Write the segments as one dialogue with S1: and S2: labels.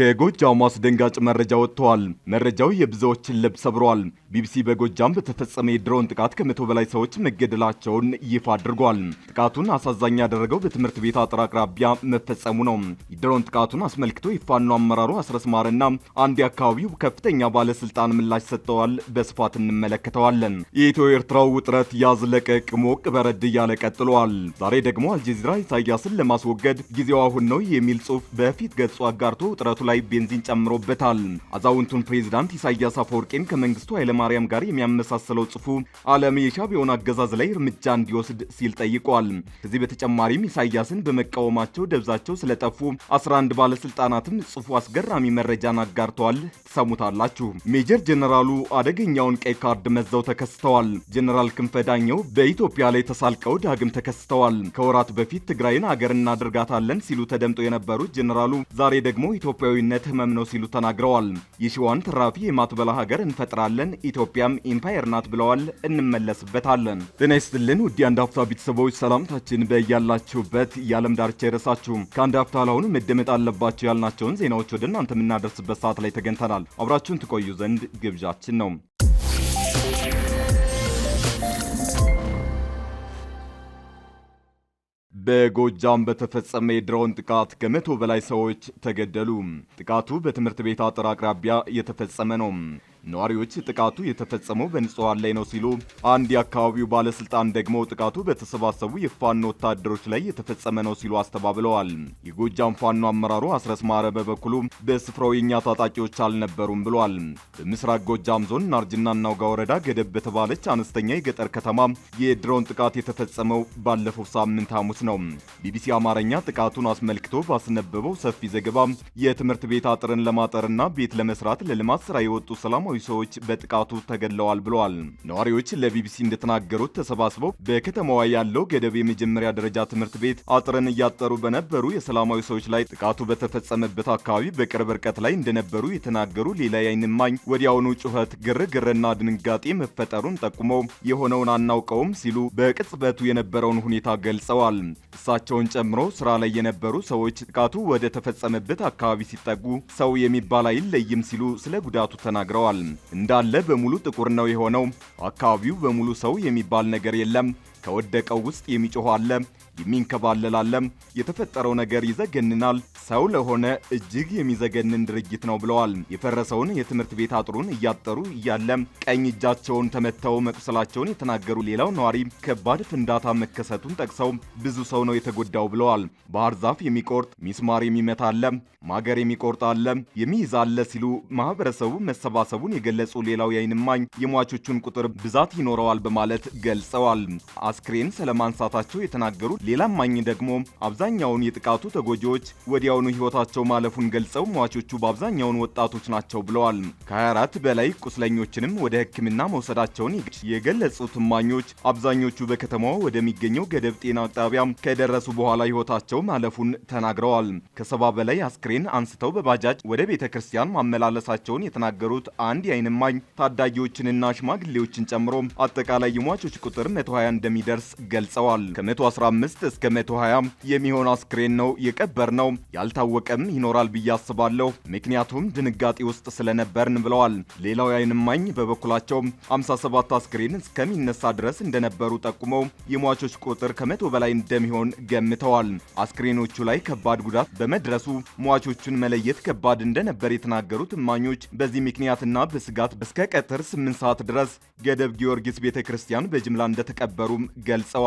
S1: ከጎጃም አስደንጋጭ መረጃ ወጥተዋል። መረጃው የብዙዎችን ልብ ሰብሯል። ቢቢሲ በጎጃም በተፈጸመ የድሮን ጥቃት ከመቶ በላይ ሰዎች መገደላቸውን ይፋ አድርጓል። ጥቃቱን አሳዛኝ ያደረገው በትምህርት ቤት አጥር አቅራቢያ መፈጸሙ ነው። የድሮን ጥቃቱን አስመልክቶ የፋኖ አመራሩ አስረስ ማረና አንድ የአካባቢው ከፍተኛ ባለስልጣን ምላሽ ሰጥተዋል። በስፋት እንመለከተዋለን። የኢትዮ ኤርትራው ውጥረት ያዝ ለቀቅ ሞቅ በረድ እያለ ቀጥሏል። ዛሬ ደግሞ አልጀዚራ ኢሳያስን ለማስወገድ ጊዜው አሁን ነው የሚል ጽሑፍ በፊት ገጹ አጋርቶ ውጥረቱ ላይ ቤንዚን ጨምሮበታል። አዛውንቱን ፕሬዚዳንት ኢሳያስ አፈወርቄን ከመንግስቱ ኃይለማርያም ጋር የሚያመሳሰለው ጽሑፉ ዓለም የሻዕቢያውን አገዛዝ ላይ እርምጃ እንዲወስድ ሲል ጠይቋል። ከዚህ በተጨማሪም ኢሳያስን በመቃወማቸው ደብዛቸው ስለጠፉ 11 ባለስልጣናትም ጽሑፉ አስገራሚ መረጃን አጋርተዋል። ትሰሙታላችሁ። ሜጀር ጀነራሉ አደገኛውን ቀይ ካርድ መዘው ተከስተዋል። ጀነራል ክንፈ ዳኘው በኢትዮጵያ ላይ ተሳልቀው ዳግም ተከስተዋል። ከወራት በፊት ትግራይን አገር እናደርጋታለን ሲሉ ተደምጠው የነበሩት ጀነራሉ ዛሬ ደግሞ ኢትዮጵያዊ ኢትዮጵያዊነት ህመም ነው ሲሉ ተናግረዋል። የሺዋን ትራፊ የማትበላ ሀገር እንፈጥራለን፣ ኢትዮጵያም ኢምፓየር ናት ብለዋል። እንመለስበታለን። ጤና ይስጥልን ውድ አንድ አፍታ ቤተሰቦች ሰላምታችን በያላችሁበት የዓለም ዳርቻ ይድረሳችሁ። ከአንድ አፍታ ላሁን መደመጥ አለባቸው ያልናቸውን ዜናዎች ወደ እናንተ የምናደርስበት ሰዓት ላይ ተገኝተናል። አብራችሁን ትቆዩ ዘንድ ግብዣችን ነው።
S2: በጎጃም በተፈጸመ የድሮን ጥቃት ከመቶ በላይ ሰዎች ተገደሉ። ጥቃቱ በትምህርት ቤት አጥር አቅራቢያ የተፈጸመ ነው። ነዋሪዎች ጥቃቱ የተፈጸመው በንጹሐን ላይ ነው ሲሉ፣ አንድ የአካባቢው ባለስልጣን ደግሞ ጥቃቱ በተሰባሰቡ የፋኖ ወታደሮች ላይ የተፈጸመ ነው ሲሉ አስተባብለዋል። የጎጃም ፋኖ አመራሩ አስረስ ማረ በበኩሉ በስፍራው የእኛ ታጣቂዎች አልነበሩም ብሏል። በምስራቅ ጎጃም ዞን ናርጅና እናውጋ ወረዳ ገደብ በተባለች አነስተኛ የገጠር ከተማ የድሮን ጥቃት የተፈጸመው ባለፈው ሳምንት ሐሙስ ነው። ቢቢሲ አማርኛ ጥቃቱን አስመልክቶ ባስነበበው ሰፊ ዘገባ የትምህርት ቤት አጥርን ለማጠርና ቤት ለመስራት ለልማት ስራ የወጡ ሰላማዊ ሰዎች በጥቃቱ ተገድለዋል ብለዋል። ነዋሪዎች ለቢቢሲ እንደተናገሩት ተሰባስበው በከተማዋ ያለው ገደብ የመጀመሪያ ደረጃ ትምህርት ቤት አጥርን እያጠሩ በነበሩ የሰላማዊ ሰዎች ላይ ጥቃቱ በተፈጸመበት አካባቢ በቅርብ ርቀት ላይ እንደነበሩ የተናገሩ ሌላ የዓይን እማኝ ወዲያውኑ ጩኸት፣ ግርግርና ድንጋጤ መፈጠሩን ጠቁመው የሆነውን አናውቀውም ሲሉ በቅጽበቱ የነበረውን ሁኔታ ገልጸዋል። እሳቸውን ጨምሮ ስራ ላይ የነበሩ ሰዎች ጥቃቱ ወደ ተፈጸመበት አካባቢ ሲጠጉ ሰው የሚባል አይለይም ሲሉ ስለ ጉዳቱ ተናግረዋል። ተገኝተዋል። እንዳለ በሙሉ ጥቁር ነው የሆነው። አካባቢው በሙሉ ሰው የሚባል ነገር የለም። ከወደቀው ውስጥ የሚጮህ አለ፣ የሚንከባለላለም የተፈጠረው ነገር ይዘገንናል፣ ሰው ለሆነ እጅግ የሚዘገንን ድርጊት ነው ብለዋል። የፈረሰውን የትምህርት ቤት አጥሩን እያጠሩ እያለ ቀኝ እጃቸውን ተመተው መቁሰላቸውን የተናገሩ ሌላው ነዋሪ ከባድ ፍንዳታ መከሰቱን ጠቅሰው ብዙ ሰው ነው የተጎዳው ብለዋል። ባህር ዛፍ የሚቆርጥ ሚስማር የሚመታ አለ፣ ማገር የሚቆርጥ አለ፣ የሚይዝ አለ ሲሉ ማህበረሰቡ መሰባሰቡን የገለጹ ሌላው የአይንማኝ የሟቾቹን ቁጥር ብዛት ይኖረዋል በማለት ገልጸዋል። አስክሬን ስለማንሳታቸው የተናገሩ ሌላ ማኝ ደግሞ አብዛኛውን የጥቃቱ ተጎጂዎች ወዲያውኑ ሕይወታቸው ማለፉን ገልጸው ሟቾቹ በአብዛኛውን ወጣቶች ናቸው ብለዋል። ከ24 በላይ ቁስለኞችንም ወደ ሕክምና መውሰዳቸውን የገለጹት ማኞች አብዛኞቹ በከተማዋ ወደሚገኘው ገደብ ጤና ጣቢያ ከደረሱ በኋላ ሕይወታቸው ማለፉን ተናግረዋል። ከሰባ በላይ አስክሬን አንስተው በባጃጅ ወደ ቤተ ክርስቲያን ማመላለሳቸውን የተናገሩት አንድ የአይን ማኝ ታዳጊዎችንና ሽማግሌዎችን ጨምሮ አጠቃላይ የሟቾች ቁጥር 120 እንደሚደርስ ገልጸዋል። ከ115 ከ15 እስከ 120 የሚሆን አስክሬን ነው የቀበር ነው። ያልታወቀም ይኖራል ብዬ አስባለሁ፣ ምክንያቱም ድንጋጤ ውስጥ ስለነበርን ብለዋል። ሌላው የዓይን እማኝ በበኩላቸው 57 አስክሬን እስከሚነሳ ድረስ እንደነበሩ ጠቁመው የሟቾች ቁጥር ከመቶ በላይ እንደሚሆን ገምተዋል። አስክሬኖቹ ላይ ከባድ ጉዳት በመድረሱ ሟቾቹን መለየት ከባድ እንደነበር የተናገሩት እማኞች በዚህ ምክንያትና በስጋት እስከ ቀትር 8 ሰዓት ድረስ ገደብ ጊዮርጊስ ቤተ ክርስቲያን በጅምላ እንደተቀበሩም ገልጸዋል።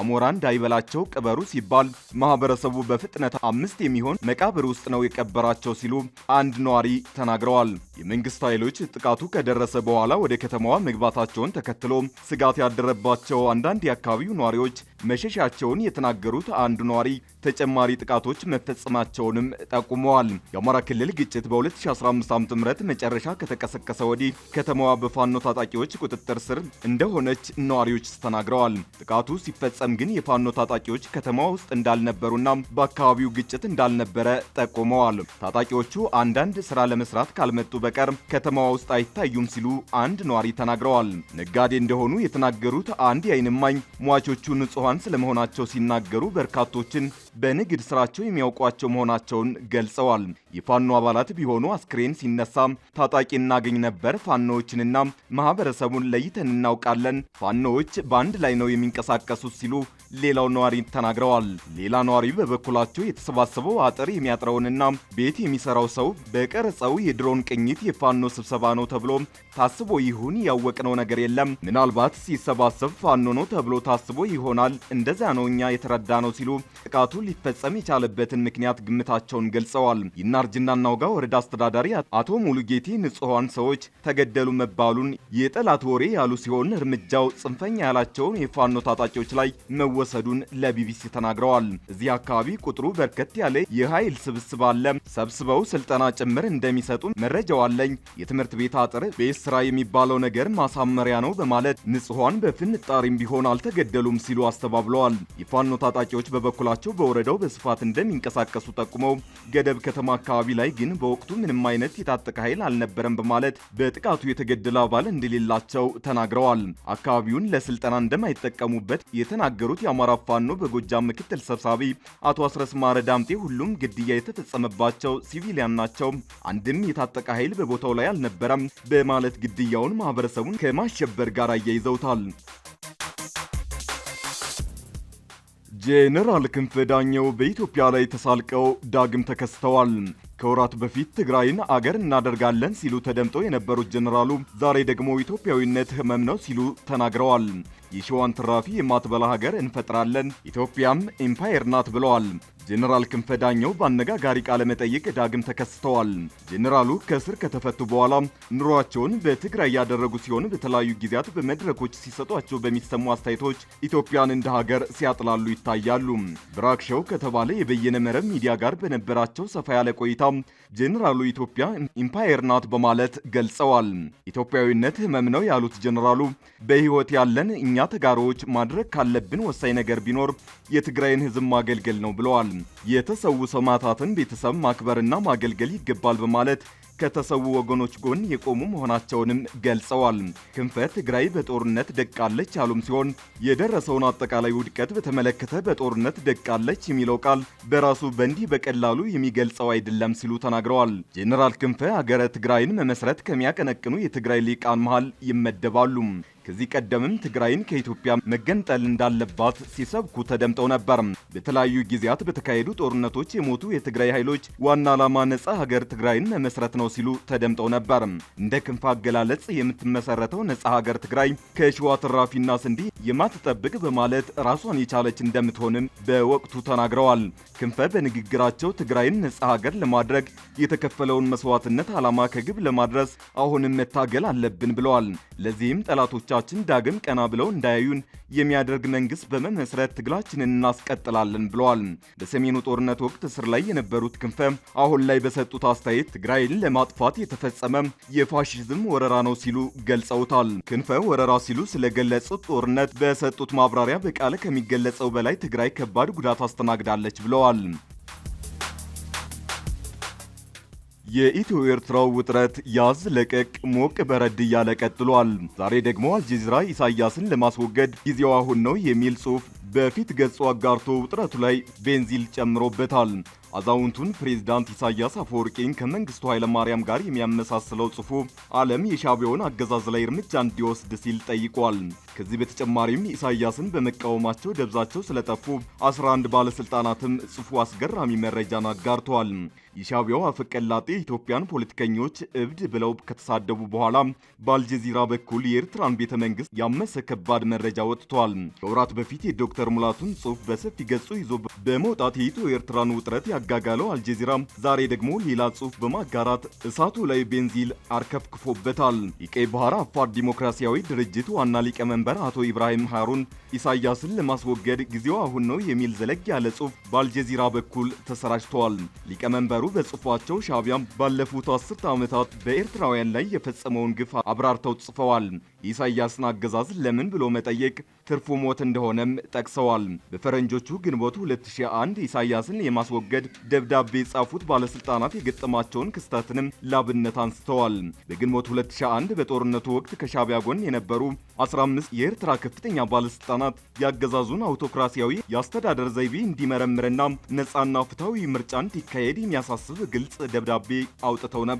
S2: አሞራ እንዳይበላ ቀብራቸው ቅበሩ ሲባል ማህበረሰቡ በፍጥነት አምስት የሚሆን መቃብር ውስጥ ነው የቀበራቸው ሲሉ አንድ ነዋሪ ተናግረዋል። የመንግስት ኃይሎች ጥቃቱ ከደረሰ በኋላ ወደ ከተማዋ መግባታቸውን ተከትሎ ስጋት ያደረባቸው አንዳንድ የአካባቢው ነዋሪዎች መሸሻቸውን የተናገሩት አንዱ ነዋሪ ተጨማሪ ጥቃቶች መፈጸማቸውንም ጠቁመዋል። የአማራ ክልል ግጭት በ2015 ዓ.ም መጨረሻ ከተቀሰቀሰ ወዲህ ከተማዋ በፋኖ ታጣቂዎች ቁጥጥር ስር እንደሆነች ነዋሪዎች ተናግረዋል። ጥቃቱ ሲፈጸም ግን የፋኖ ታጣቂዎች ከተማዋ ውስጥ እንዳልነበሩና በአካባቢው ግጭት እንዳልነበረ ጠቁመዋል። ታጣቂዎቹ አንዳንድ ስራ ለመስራት ካልመጡ በቀር ከተማዋ ውስጥ አይታዩም ሲሉ አንድ ነዋሪ ተናግረዋል። ነጋዴ እንደሆኑ የተናገሩት አንድ የአይንማኝ ሟቾቹ ንጹሐን ንጹሐን ስለመሆናቸው ሲናገሩ በርካቶችን በንግድ ስራቸው የሚያውቋቸው መሆናቸውን ገልጸዋል። የፋኖ አባላት ቢሆኑ አስክሬን ሲነሳ ታጣቂ እናገኝ ነበር። ፋኖዎችንና ማህበረሰቡን ለይተን እናውቃለን። ፋኖዎች በአንድ ላይ ነው የሚንቀሳቀሱት ሲሉ ሌላው ነዋሪ ተናግረዋል። ሌላ ነዋሪ በበኩላቸው የተሰባሰበው አጥር የሚያጥረውንና ቤት የሚሰራው ሰው በቀረጸው የድሮን ቅኝት የፋኖ ስብሰባ ነው ተብሎ ታስቦ ይሁን ያወቅነው ነገር የለም። ምናልባት ሲሰባሰብ ፋኖ ነው ተብሎ ታስቦ ይሆናል። እንደዚያ ነው እኛ የተረዳ ነው ሲሉ ጥቃቱ ሊፈጸም የቻለበትን ምክንያት ግምታቸውን ገልጸዋል። ይናርጅና ናውጋ ወረዳ አስተዳዳሪ አቶ ሙሉጌቴ ንጹሐን ሰዎች ተገደሉ መባሉን የጠላት ወሬ ያሉ ሲሆን እርምጃው ጽንፈኛ ያላቸውን የፋኖ ታጣቂዎች ላይ መወሰዱን ለቢቢሲ ተናግረዋል። እዚህ አካባቢ ቁጥሩ በርከት ያለ የኃይል ስብስብ አለ። ሰብስበው ስልጠና ጭምር እንደሚሰጡ መረጃው አለኝ። የትምህርት ቤት አጥር ቤት ስራ የሚባለው ነገር ማሳመሪያ ነው በማለት ንጹሐን በፍንጣሪም ቢሆን አልተገደሉም ሲሉ አስተባብለዋል። የፋኖ ታጣቂዎች በበኩላቸው በ በወረዳው በስፋት እንደሚንቀሳቀሱ ጠቁመው ገደብ ከተማ አካባቢ ላይ ግን በወቅቱ ምንም አይነት የታጠቀ ኃይል አልነበረም በማለት በጥቃቱ የተገደለ አባል እንደሌላቸው ተናግረዋል። አካባቢውን ለስልጠና እንደማይጠቀሙበት የተናገሩት የአማራ ፋኖ በጎጃም ምክትል ሰብሳቢ አቶ አስረስ ማረ ዳምጤ ሁሉም ግድያ የተፈጸመባቸው ሲቪሊያን ናቸው፣ አንድም የታጠቀ ኃይል በቦታው ላይ አልነበረም በማለት ግድያውን ማህበረሰቡን ከማሸበር ጋር አያይዘውታል።
S1: ጄኔራል ክንፈ ዳኘው በኢትዮጵያ ላይ ተሳልቀው ዳግም ተከስተዋል። ከወራት በፊት ትግራይን አገር እናደርጋለን ሲሉ ተደምጠው የነበሩት ጄኔራሉ ዛሬ ደግሞ ኢትዮጵያዊነት ሕመም ነው ሲሉ ተናግረዋል። የሸዋን ትራፊ የማትበላ ሀገር እንፈጥራለን፣ ኢትዮጵያም ኤምፓየር ናት ብለዋል። ጄኔራል ክንፈ ዳኘው በአነጋጋሪ ቃለ መጠይቅ ዳግም ተከስተዋል። ጄኔራሉ ከእስር ከተፈቱ በኋላ ኑሯቸውን በትግራይ ያደረጉ ሲሆን በተለያዩ ጊዜያት በመድረኮች ሲሰጧቸው በሚሰሙ አስተያየቶች ኢትዮጵያን እንደ ሀገር ሲያጥላሉ ይታያሉ። ብራክሸው ከተባለ የበየነ መረብ ሚዲያ ጋር በነበራቸው ሰፋ ያለ ቆይታ ጄኔራሉ ኢትዮጵያ ኢምፓየር ናት በማለት ገልጸዋል። ኢትዮጵያዊነት ህመም ነው ያሉት ጄኔራሉ በህይወት ያለን እኛ እኛ ተጋሮዎች ማድረግ ካለብን ወሳኝ ነገር ቢኖር የትግራይን ህዝብ ማገልገል ነው ብለዋል። የተሰዉ ሰማዕታትን ቤተሰብ ማክበርና ማገልገል ይገባል በማለት ከተሰዉ ወገኖች ጎን የቆሙ መሆናቸውንም ገልጸዋል። ክንፈ ትግራይ በጦርነት ደቃለች ያሉም ሲሆን የደረሰውን አጠቃላይ ውድቀት በተመለከተ በጦርነት ደቃለች የሚለው ቃል በራሱ በእንዲህ በቀላሉ የሚገልጸው አይደለም ሲሉ ተናግረዋል። ጄኔራል ክንፈ አገረ ትግራይን መመስረት ከሚያቀነቅኑ የትግራይ ሊቃን መሃል ይመደባሉ። ከዚህ ቀደምም ትግራይን ከኢትዮጵያ መገንጠል እንዳለባት ሲሰብኩ ተደምጠው ነበር። በተለያዩ ጊዜያት በተካሄዱ ጦርነቶች የሞቱ የትግራይ ኃይሎች ዋና ዓላማ ነጻ ሀገር ትግራይን መመስረት ነው ሲሉ ተደምጠው ነበር። እንደ ክንፍ አገላለጽ የምትመሰረተው ነጻ ሀገር ትግራይ ከሸዋ ትራፊና ስንዴ የማትጠብቅ በማለት ራሷን የቻለች እንደምትሆንም በወቅቱ ተናግረዋል። ክንፈ በንግግራቸው ትግራይን ነጻ ሀገር ለማድረግ የተከፈለውን መስዋዕትነት ዓላማ ከግብ ለማድረስ አሁንም መታገል አለብን ብለዋል። ለዚህም ጠላቶች አርበኞቻችን ዳግም ቀና ብለው እንዳያዩን የሚያደርግ መንግስት በመመስረት ትግላችንን እናስቀጥላለን ብለዋል። በሰሜኑ ጦርነት ወቅት እስር ላይ የነበሩት ክንፈ አሁን ላይ በሰጡት አስተያየት ትግራይን ለማጥፋት የተፈጸመ የፋሽዝም ወረራ ነው ሲሉ ገልጸውታል። ክንፈ ወረራ ሲሉ ስለገለጹት ጦርነት በሰጡት ማብራሪያ በቃለ ከሚገለጸው በላይ ትግራይ ከባድ ጉዳት አስተናግዳለች ብለዋል።
S2: የኢትዮ ኤርትራው ውጥረት ያዝ ለቀቅ ሞቅ በረድ እያለ ቀጥሏል። ዛሬ ደግሞ አልጀዚራ ኢሳያስን ለማስወገድ ጊዜው አሁን ነው የሚል ጽሑፍ በፊት ገጹ አጋርቶ ውጥረቱ ላይ ቤንዚል ጨምሮበታል። አዛውንቱን ፕሬዝዳንት ኢሳያስ አፈወርቂን ከመንግስቱ ኃይለማርያም ጋር የሚያመሳስለው ጽሑፉ ዓለም የሻቢያውን አገዛዝ ላይ እርምጃ እንዲወስድ ሲል ጠይቋል። ከዚህ በተጨማሪም ኢሳያስን በመቃወማቸው ደብዛቸው ስለጠፉ 11 ባለስልጣናትም ጽሑፉ አስገራሚ መረጃን አጋርተዋል። የሻቢያው አፈቀላጤ ኢትዮጵያን ፖለቲከኞች እብድ ብለው ከተሳደቡ በኋላ በአልጀዚራ በኩል የኤርትራን ቤተ መንግስት ያመሰ ከባድ መረጃ ወጥቷል። ከወራት በፊት የዶክተር ሙላቱን ጽሑፍ በሰፊ ገጹ ይዞ በመውጣት የኢትዮ ኤርትራን ውጥረት ያጋጋለው አልጀዚራም ዛሬ ደግሞ ሌላ ጽሑፍ በማጋራት እሳቱ ላይ ቤንዚል አርከፍክፎበታል። የቀይ ባህር አፋር ዲሞክራሲያዊ ድርጅት ዋና ሊቀመንበር አቶ ኢብራሂም ሃሩን ኢሳያስን ለማስወገድ ጊዜው አሁን ነው የሚል ዘለግ ያለ ጽሑፍ በአልጀዚራ በኩል ተሰራጭተዋል። ሊቀመንበሩ በጽሑፋቸው ሻቢያም ባለፉት አስርተ ዓመታት በኤርትራውያን ላይ የፈጸመውን ግፍ አብራርተው ጽፈዋል። የኢሳያስን አገዛዝ ለምን ብሎ መጠየቅ ትርፉ ሞት እንደሆነም ጠቅሰዋል። በፈረንጆቹ ግንቦት 2001 ኢሳያስን የማስወገድ ደብዳቤ የጻፉት ባለስልጣናት የገጠማቸውን ክስተትንም ላብነት አንስተዋል። በግንቦት 2001 በጦርነቱ ወቅት ከሻቢያ ጎን የነበሩ 15 የኤርትራ ከፍተኛ ባለስልጣናት የአገዛዙን አውቶክራሲያዊ የአስተዳደር ዘይቤ እንዲመረምርና ነጻና ፍትሐዊ ምርጫ እንዲካሄድ የሚያሳስብ ግልጽ ደብዳቤ አውጥተው ነበር።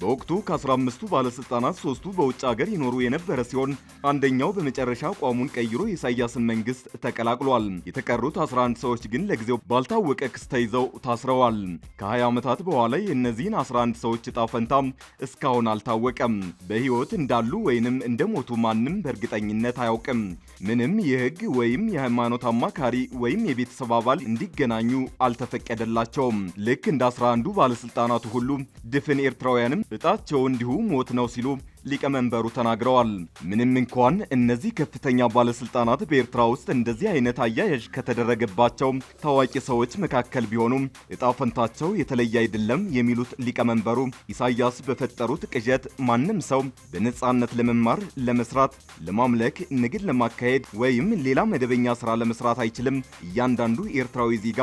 S2: በወቅቱ ከ15ቱ ባለስልጣናት ሶስቱ በውጭ ሀገር ይኖሩ የነበሩ የነበረ ሲሆን አንደኛው በመጨረሻ አቋሙን ቀይሮ የኢሳያስን መንግስት ተቀላቅሏል። የተቀሩት 11 ሰዎች ግን ለጊዜው ባልታወቀ ክስ ተይዘው ታስረዋል። ከ20 ዓመታት በኋላ የእነዚህን 11 ሰዎች እጣ ፈንታም እስካሁን አልታወቀም። በሕይወት እንዳሉ ወይንም እንደሞቱ ማንም በእርግጠኝነት አያውቅም። ምንም የህግ ወይም የሃይማኖት አማካሪ ወይም የቤተሰብ አባል እንዲገናኙ አልተፈቀደላቸውም። ልክ እንደ 11ዱ ባለሥልጣናቱ ሁሉ ድፍን ኤርትራውያንም እጣቸው እንዲሁ ሞት ነው ሲሉ ሊቀመንበሩ ተናግረዋል። ምንም እንኳን እነዚህ ከፍተኛ ባለስልጣናት በኤርትራ ውስጥ እንደዚህ አይነት አያያዥ ከተደረገባቸው ታዋቂ ሰዎች መካከል ቢሆኑም እጣ ፈንታቸው የተለየ አይደለም የሚሉት ሊቀመንበሩ ኢሳያስ በፈጠሩት ቅዠት ማንም ሰው በነጻነት ለመማር፣ ለመስራት፣ ለማምለክ፣ ንግድ ለማካሄድ ወይም ሌላ መደበኛ ስራ ለመስራት አይችልም። እያንዳንዱ ኤርትራዊ ዜጋ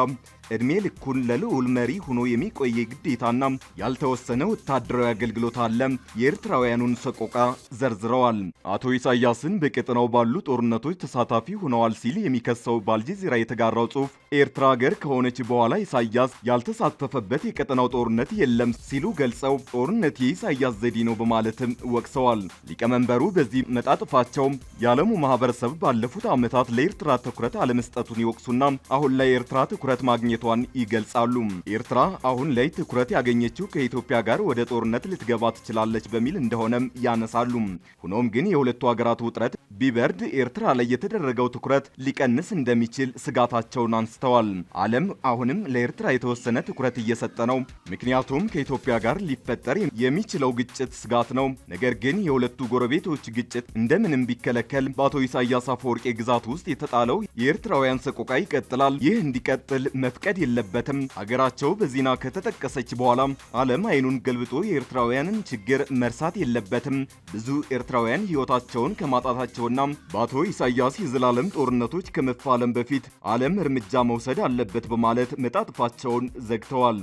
S2: እድሜ ልኩን ለልዑል መሪ ሆኖ የሚቆየ ግዴታና ያልተወሰነ ወታደራዊ አገልግሎት አለ። የኤርትራውያኑን ሰቆቃ ዘርዝረዋል። አቶ ኢሳያስን በቀጠናው ባሉ ጦርነቶች ተሳታፊ ሆነዋል ሲል የሚከሰው በአልጀዚራ የተጋራው ጽሑፍ ኤርትራ ሀገር ከሆነች በኋላ ኢሳያስ ያልተሳተፈበት የቀጠናው ጦርነት የለም ሲሉ ገልጸው ጦርነት የኢሳያስ ዘዴ ነው በማለትም ወቅሰዋል። ሊቀመንበሩ በዚህ መጣጥፋቸው የዓለሙ ማህበረሰብ ባለፉት ዓመታት ለኤርትራ ትኩረት አለመስጠቱን ይወቅሱና አሁን ላይ የኤርትራ ትኩረት ማግኘት ማግኘቷን ይገልጻሉ። ኤርትራ አሁን ላይ ትኩረት ያገኘችው ከኢትዮጵያ ጋር ወደ ጦርነት ልትገባ ትችላለች በሚል እንደሆነም ያነሳሉ። ሆኖም ግን የሁለቱ ሀገራት ውጥረት ቢበርድ ኤርትራ ላይ የተደረገው ትኩረት ሊቀንስ እንደሚችል ስጋታቸውን አንስተዋል። ዓለም አሁንም ለኤርትራ የተወሰነ ትኩረት እየሰጠ ነው፣ ምክንያቱም ከኢትዮጵያ ጋር ሊፈጠር የሚችለው ግጭት ስጋት ነው። ነገር ግን የሁለቱ ጎረቤቶች ግጭት እንደምንም ቢከለከል በአቶ ኢሳያስ አፈወርቄ ግዛት ውስጥ የተጣለው የኤርትራውያን ሰቆቃ ይቀጥላል። ይህ እንዲቀጥል መፍቀድ የለበትም። ሀገራቸው በዜና ከተጠቀሰች በኋላ ዓለም አይኑን ገልብጦ የኤርትራውያንን ችግር መርሳት የለበትም። ብዙ ኤርትራውያን ሕይወታቸውን ከማጣታቸው በአብዮና በአቶ ኢሳያስ የዘላለም ጦርነቶች ከመፋለም በፊት ዓለም እርምጃ መውሰድ አለበት በማለት መጣጥፋቸውን ዘግተዋል።